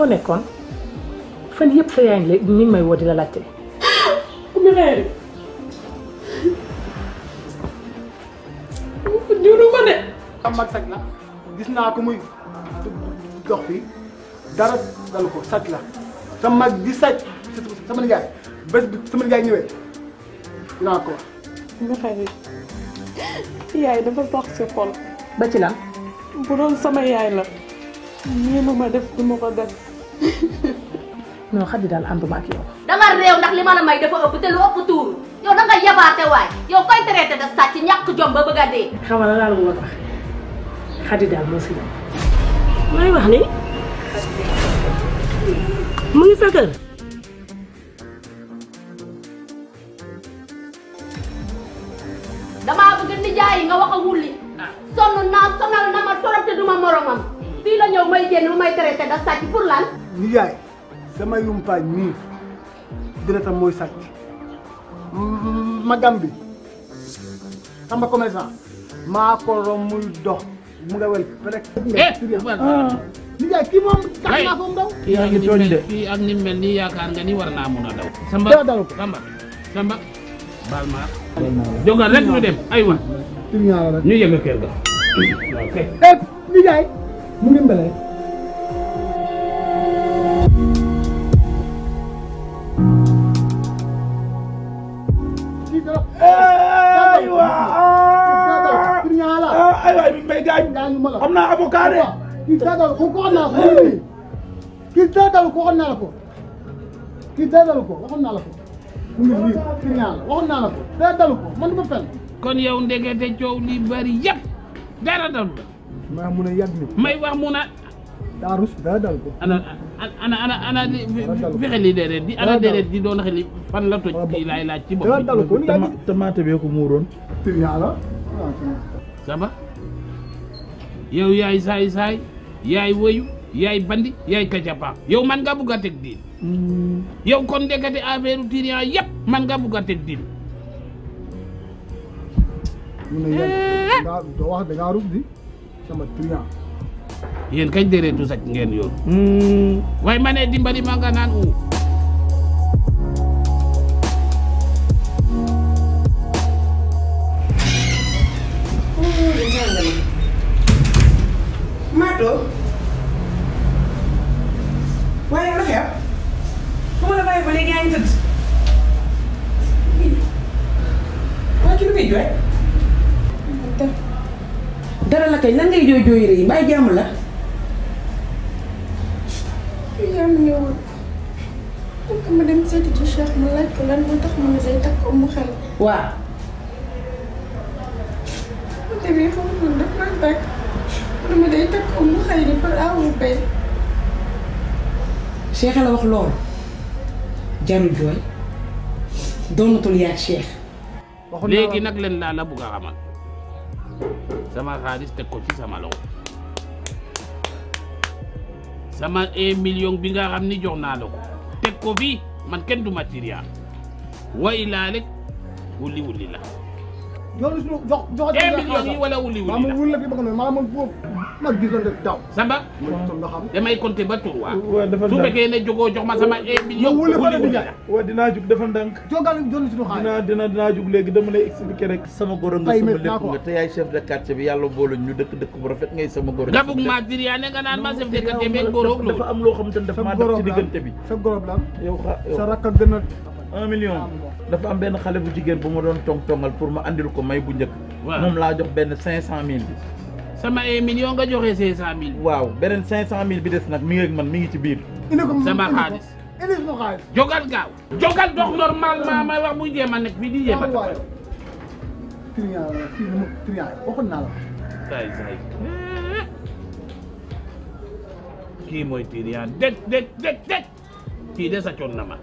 foo nekkoon fan yëpp sa yaay léegi ñu ngi may woo di la laajte. ma de. xam nga sag la gis naa ko muy dox fii dara dalu ko sàcc la di sàcc sama nijaay bés bi sama nijaay ñëwee dinaa ko wax. nga sax si xol. ba ci bu doon sama yaay la nii lu ma def du ma ko def. non xaddi daal ànduma ak yow. danga réew ndax li ma la may dafa ëpp te lu ëpp tuuru yow danga yabaate waay yow koy traité de sàcc ñàkk jom ba bëgg dee. xamal la laal moo tax xaddi daal moo si dem. wax ni mu ngi sa kër. bëgg nijaay nga wax a wulli ah. sonn naa sonal na ma torop te duma moromam fii la ñëw may génn lu may traité de sàcc pour lan. nijaay sama yumpaañ nii deretam mooy sàcc magam bi sama commerçant maa ko romb muy dox mu nga wel rek. Eh, ah. nijaay kii moom tax naa ko mu daw. yaa ngi tooñ ni nii yaakaar nga ni war naa mun a daw. Samba Samba baal ma jógal rek ñu dem aywa. ñu yëngu kër ga. ok eh, nijaay ma am naa avocat de. kii daadal ko ko. kii ko waxoon naa la ko. kii daadal ko ko. man ma fenn. kon yow ndegete coow li bari yëpp dara dalu la. maa mun a yàgg ni may wax mun a. daa rus daa dal ko. ana ana ana ana li fexe li di ana déedéet di doon xeli fan la toj kii laay laaj ci bopp ko li tamaate bee ko muuroon. kii yow yaay saay-saay yaay wëyu yaay bandi yaay kacapa yow man nga bugg a teg diin mm. yow kon ndekete affaire tiriyan yëpp man nga bugg a teg diin mu ne yéen eh. kañ déreetu sac ngeen yoon mm. waaye ma ne dimbali ma nga naan u vidéo yi rëy mbaa jàmm la. jàmm ne woon ma dem seeti ci Cheikh mu laaj ko lan moo tax mu ne day takk mu xel di par awu bay. Cheikh la wax loolu jarul jooy doonatul yaa Cheikh. léegi nag leen laa la bugg a xamal. sama xaalis teg ko ci sama loxo sama un million bi nga xam ni jox naa la ko teg ko fii man kenn du matériel way laa rek wuli wuli la. jox jox jox million yi wala wuli wuli ma gis nga def daw. Samba. ma xam damay compter ba tur waa. su fekkee ne jogoo jox ma sama. million wala wala waaw dinaa jug dafa ndànk. jogaale jënd suñu xaalis. dinaa dinaa dinaa jug rek. sama goro nga sama lépp nga yàlla boole ñu dëkk dëkk bu rafet ngay sama goro. nga bugg maa dir yaa ne nga a million dafa am benn xale bu jigéen bu ma doon tong tongal pour ma andil ko may bu njëkk moom laa jox benn cinq cent mille bi sama ay million nga joxe cinq cent waaw beneen cinq cent bi des nag mi ngi ak man mi ngi ci biir. indi ko sama xaalis. jogal gaaw. jogal dox normalement may wax muy jéem a nekk fii di jéem a. waaw kii mooy triant det det det kii de sa coon na ma.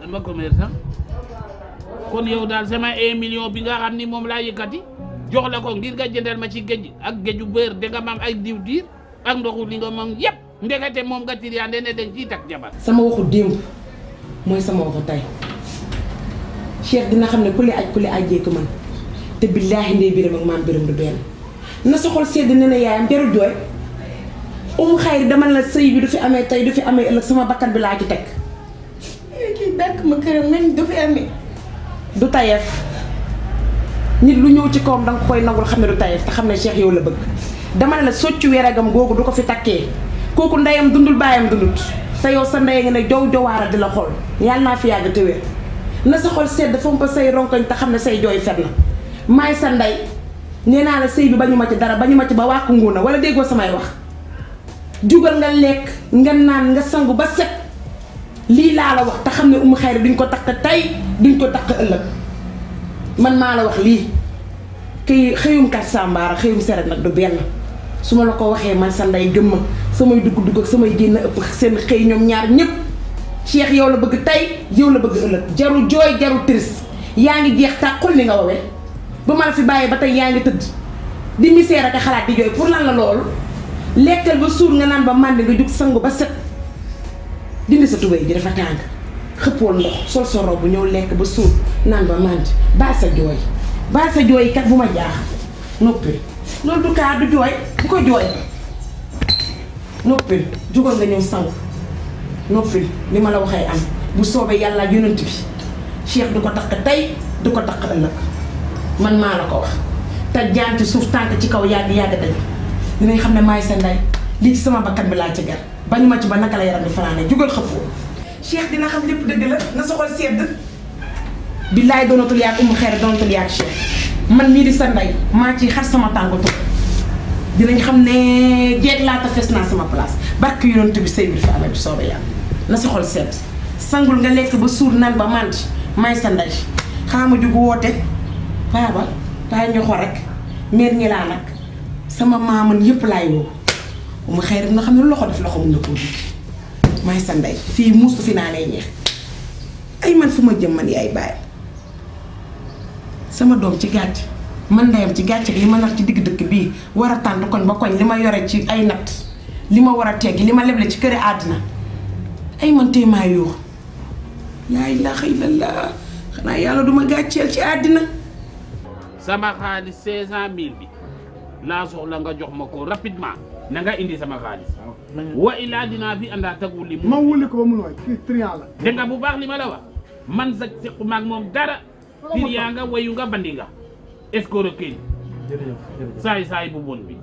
dama commerçant. kon yow daal sama un million bi nga xam ni moom laa yëkkati jox la ko ngir nga jëndal ma ci géej ak géeju beer da nga maam ay diwtiir ak ndoxu li nga moom yëpp ndekete moom nga tiriyaande ne dañ ciy sama waxu mooy sama waxu tey xam ne ku li aj ku li ajjee man te billaahi ndey biram ak maam biram du benn na sa xol sedd ne ne yaayam jarul jooy um xayri dama la sëy bi du fi amee tey du fi amee ëllëg sama bakkan bi laa ci teg kii dàkk ma këram nañ du fi amee du tayeef nit lu ñëw ci kawam da koy nangul xam ne du tayeef te xam ne seex yow la bëgg dama ne la soccu weeragam googu du ko fi takkee kooku ndeyam dundul baayam dundut te yow sa ndey nga ne jow jowaara di la xool yàlla naa fi yàgg te na sa xol sedd fomp say ronkoñ te xam ne say jooy fet na maay sa ndey nee naa la sëy bi bañu ma ci dara bañu ma ci ba wàkk nguuna wala déggoo samay wax jugal nga lekk nga naan nga sangu ba set lii laa la wax te xam ne umu xayri duñ ko takk tey duñ ko taq ëllëg man maa la wax lii këy xëyum kat sàmbaara xëyum seret nag du benn su ma la ko waxee man sa ndey gëm samay dugg dugg samay génn ëpp seen xëy ñoom ñaar ñëpp Cheikh yow la bëgg tey yow la bëgg ëllëg jaru jooy jaru triste yaa ngi jeex tàqul li nga woowee ba ma la fi bàyyi ba tey yaa ngi tëdd di misère ak xalaat di jooy pour lan la loolu lekkal ba suur nga naan ba màndi nga jug sangu ba set dindi sa tubéy ji dafa tàng xëppoo ndox sol sa rob bu ñëw lekk ba suur naan ba mànti baal sa jooy baal sa jooy kat bu ma jaax noppi loolu du kaa du jooy bu ko jooy noppi jógal nga ñëw sangu noppi li ma la waxee am bu soobee yàlla yonent bi Cheikh du ko takk tey du ko takk ëllëg man maa la ko wax te jaan ci suuf tànk ci kaw yàgg yàgg dañu dinañ xam ne maay sa ndey lii ci sama bakkan bi laa ci gar bañu ma ci ba naka la yaram di fanaane jugal xëppoo Cheikh dina xam lépp dëgg la na soxol sedd billaay doonatul yaag umu xeer doonatul yaag Cheikh man mii di sa ndey maa ci xar sama tàngatu dinañ xam ne jeeg laata fes naa sama place barke yonent bi sëy bi fa amee bi soobe yàlla na soxol sedd sangul nga lekk ba suur nan ba màndi may sa ndey xaama jug woote baaba taa ñoxo rek meer ñi laa nag sama maaman yëpp laay woo mu xëy rek na xam ne loxo def loxo mun na koo dugg may sa ndey fii muus fi naa lay ñeex ay man fu ma jëm man yaay bàyyi sama doom ci gàcc man ndeyam ci gàcc li ma nar ci digg dëkk bii war a tànn koñ ba koñ li ma yore ci ay nat li ma war a teggi li ma leble ci këri àddina ay man tey maa yuux laa ilaaha illallaah xanaa yàlla duma gàcceel ci àddina sama xaalis 500000 bi laa soxla nga jox ma ko rapidement na nga indi sama xaalis. Ah, wa illaa dinaa fi àndaa wulli mu. ma wulli ko ba mu nooy kii triant bu baax li ma man sax sequ maag moom dara. triant nga wayu nga bandi nga. escroquer saay saay bu bon bi.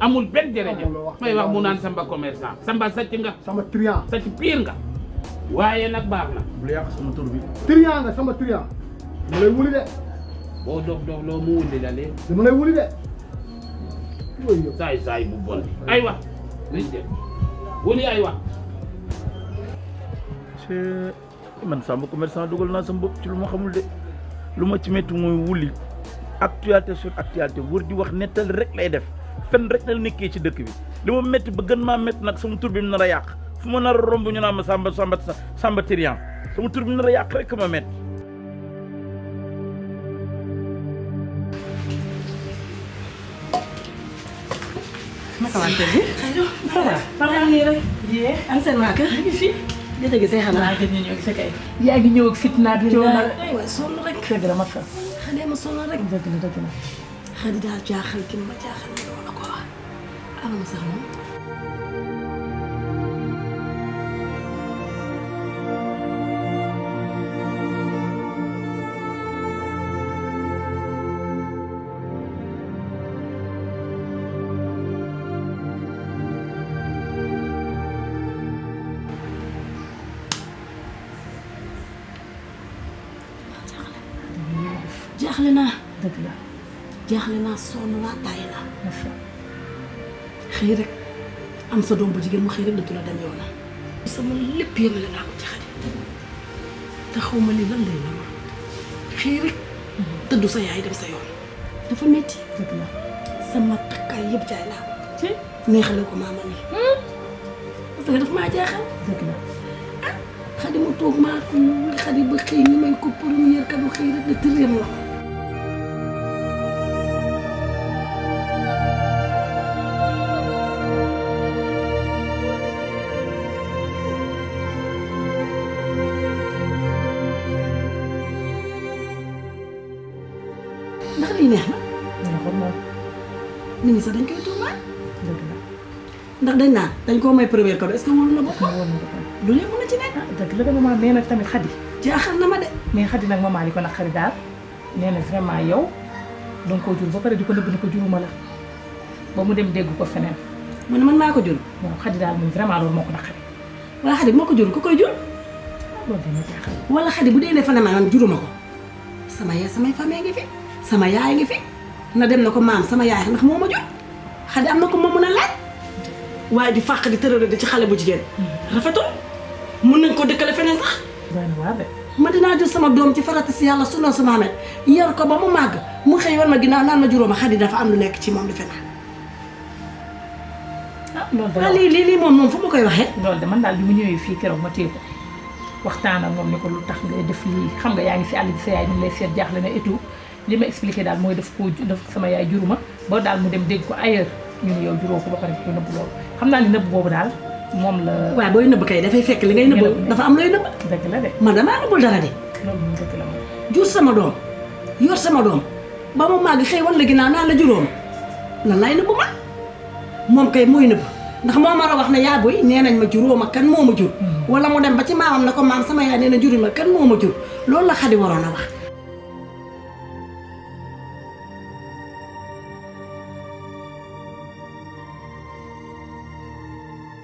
amul benn jërëjëf. may wax mu Samba commerçant. Samba sàcc nga. Samba triant. nga. waaye nag baax na. bu mu lay wuli de. boo doog doog loo mu wuli la de. saay saay bu bon bi aywa nañ ay wuli aywa man sàmm commerçant dugal naa sama bopp ci lu ma xamul de lu ma ci métti mooy wuli actualité sur actualité wër di wax nettal rek lay def fen rek la nekkee ci dëkk bi li ma métti ba gën maa métti nag sama tur bi mu nar a yàq fu ma nar a romb ñu naan ma samba sàmba sàmba sama tur bi mu nar a yàq rek ma métti xamante ni. ça va maa ngi rek. yee an seen waa kër. ñu ngi fi. gëj a gisee xanaa. yaa ngi ñëw ak fitna ak coono. waaw sonn rek. dëgg la ma fa. xanaa ma sonn rek. dëgg la dëgg la. xanaa daal jaaxal ki ma jaaxal loolu la ko wax. am na sax moom. damaa sonn waa am sa doom bu jigéen mu xëy rek dëddu la dem sama ma li lan lay la xëy dafa metti sama takkaay yëpp jaay naa ko neexale ko maama nii hmm? parce que maa jaaxal ah mu toog maa ko xadi ba xëy ni may ko première kadu xëy rek da tëréem wax nii sax dañ koy tuumaal. ndax dañ naan dañ koo may première cadeau est-ce que wóolu na boppam. lu leen mën a ci nekk. ah dëgg la de maman mais nag tamit xadi. jaaxal na ma de. mais xadi nag maman li ko nag xari daal nee na vraiment yow danga koo jur ba pare di ko nëbb ni ko juruma la ba mu dem dégg ko feneen. mu ne man maa ko jur. waaw xadi daal moom vraiment loolu moo ko nag xari. wala moo ko jur ku koy jur. Ah, loolu dina wala xadi bu dee ne fa ne maanaam juruma ko sama yaay samay famille ngi fi sama yaay ngi fi. na dem na ko maam sama yaay ndax moo ma jur xale am na ko ma mën a laaj waaye di fàq di tërëra di ci xale bu jigéen rafetul mun nañ ko dëkkale feneen sax ma dinaa jël sama doom ci farata si yàlla sunna su maamet yar ko ba mu màgg mu xëy war ma ginnaaw naan ma juróoma xadi dafa am lu nekk ci moom defe naa ah, ah lii lii lii moom moom fu ma koy waxee lool de man daal bi mu ñëwee fii keroog ma téye ko waxtaan ak moom ni ko lu tax ngay def lii xam nga yaa ngi fi àll seet jaaxle na li ma expliqué daal mooy daf koo daf sama yaay juruma ba daal mu dem dégg ko ailleurs ñu ne yow juróo ko ba pare ko nëbb loolu xam naa ne nëbb boobu daal moom la. waaw booy nëbb kay dafay fekk li ngay nëbb dafa am looy nëbb. dëgg la de man damaa nëbbul dara de. loolu dëgg la moom. jur sama doom yor sama doom ba mu màgg xëy wan la ginnaaw naan la juróom lan laay nëbb man moom kay mooy nëbb ndax moo ma wax ne yaa boy nee nañ ma juróoma kan moo ma jur. Hmm. wala mu dem ba ci maamam na ko maam sama yaay nee na juri ma kan moo ma jur loolu la xadi waroon a wax.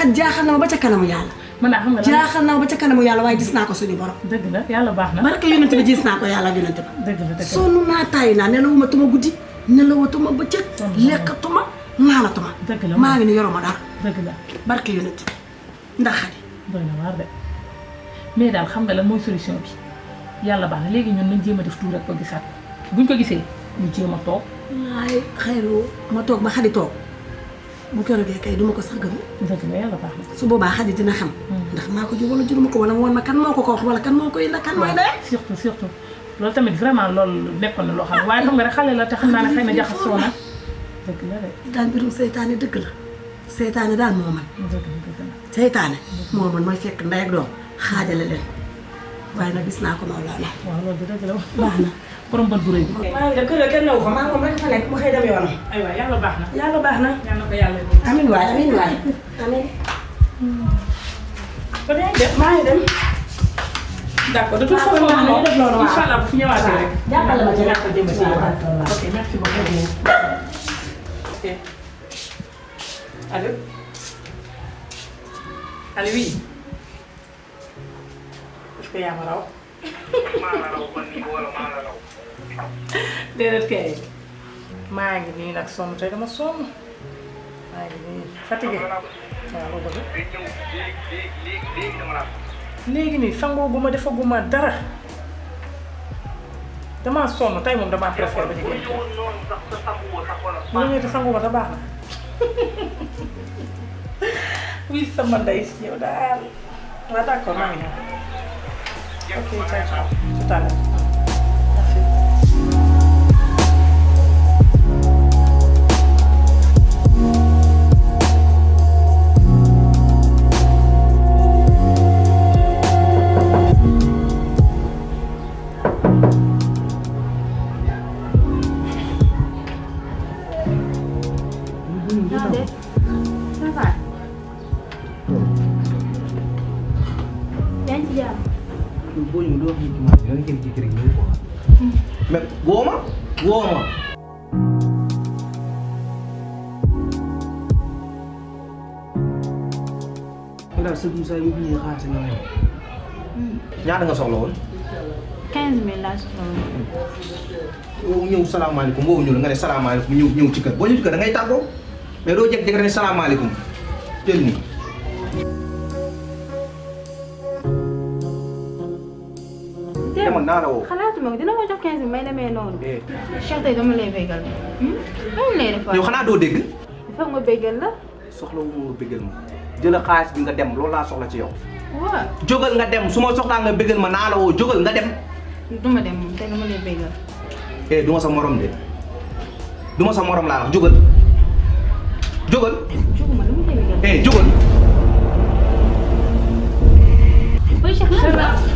xaj jaaxal na ma ba ca kanamu yàlla. man ah, xam nga jaaxal na ma ba ca kanamu yàlla waaye gis naa ko suñu borom. dëgg la yàlla baax na. barke yonent bi gis naa ko yàlla ak yonent ba. dëgg la dëgg la sonn naa taay naa nelawatuma guddi nelawatuma bëccëg. lekkatuma naanatuma. dëgg la maa ngi ni yoroma dara. dëgg la barke yonent ndax mais daal xam nga lan mooy solution bi yàlla baax na léegi ñun nañ jéem a def tuur rek ko gisaat buñ ko gisee mu jéem a toog. waaye xayru ma toog ba xadi toog bu keroogee kay duma ko sax gëm. dëgg su boobaa xadi dina xam. Hmm. ndax maa ko jur wala juruma ko wala woon ma kan moo ko ko wax kan moo koy na kan mooy dee. surtout surtout loolu tamit vraiment loolu nekkoon na loo xam waaye xam nga rek la te xam naa ne xëy na jaxasoo na. dëgg la de. daan mbirum seytaane dëgg la seytaane daal moo man. dëgg la seytaane moo man mooy fekk ndey doom xaajale leen waaye nag gis naa ko Maodo allah. la borom bët bu rëy bi. maa ngi dem kër kenn newu fa maa ngi moom rek fa nekk mu xëy dem yoonam. aywa yàlla baax na. yàlla baax na. yàlla ko yàlla yëngu. amiin waay amiin waay amiin. ba day def maa ngi dem. d'accord de toute façon moom incha allah bu fi ñëwaatee rek. jàppale ma ci ñàkk a jëmbatee waaw. ok merci beaucoup. ok allo allo oui. est-ce que yaa ma raw. maa la raw maa ngi nii ak sonn tey dama sonn maa ngi nii fatigué léegi nii sangoo gu ma defagu ma dara damaa sonn tey moom damaa préféré ba ci génn. bu ñëwee te sangoo ma da baax na. wii sama ndey si yow daal waaw d'accord maa ngi ñëw. Okay, ciao, ciao. Total. daal sëñ Moussa yóbbu ñu xaalis nga may ñaata nga soxla woon. 15000 laa soxla woon. ñëw salaamaaleykum woo ñëw nga ne salaamaaleykum ñëw ñëw ci kër boo ñëw ci kër da ngay tàggoo mais doo jeg jeg rek ne salaamaaleykum jël nii. demal naa la woo. xalaatuma dina ma jox 15000 may demee noonu. Eh. Cheikh tey dama lay bégal. Hmm? dama lay defal yow xanaa doo dégg. il faut nga bégal la. soxla wu ma bégal ma. jëla xaalis bi nga dem loolu laa soxla ci yow. waaw jógal nga dem suma ma soxlaa nga bégal ma naa la woo jógal nga dem. du ma dem moom tey dama lay eh, sa morom de du ma sa morom laa wax jógal jógal. jóguma lu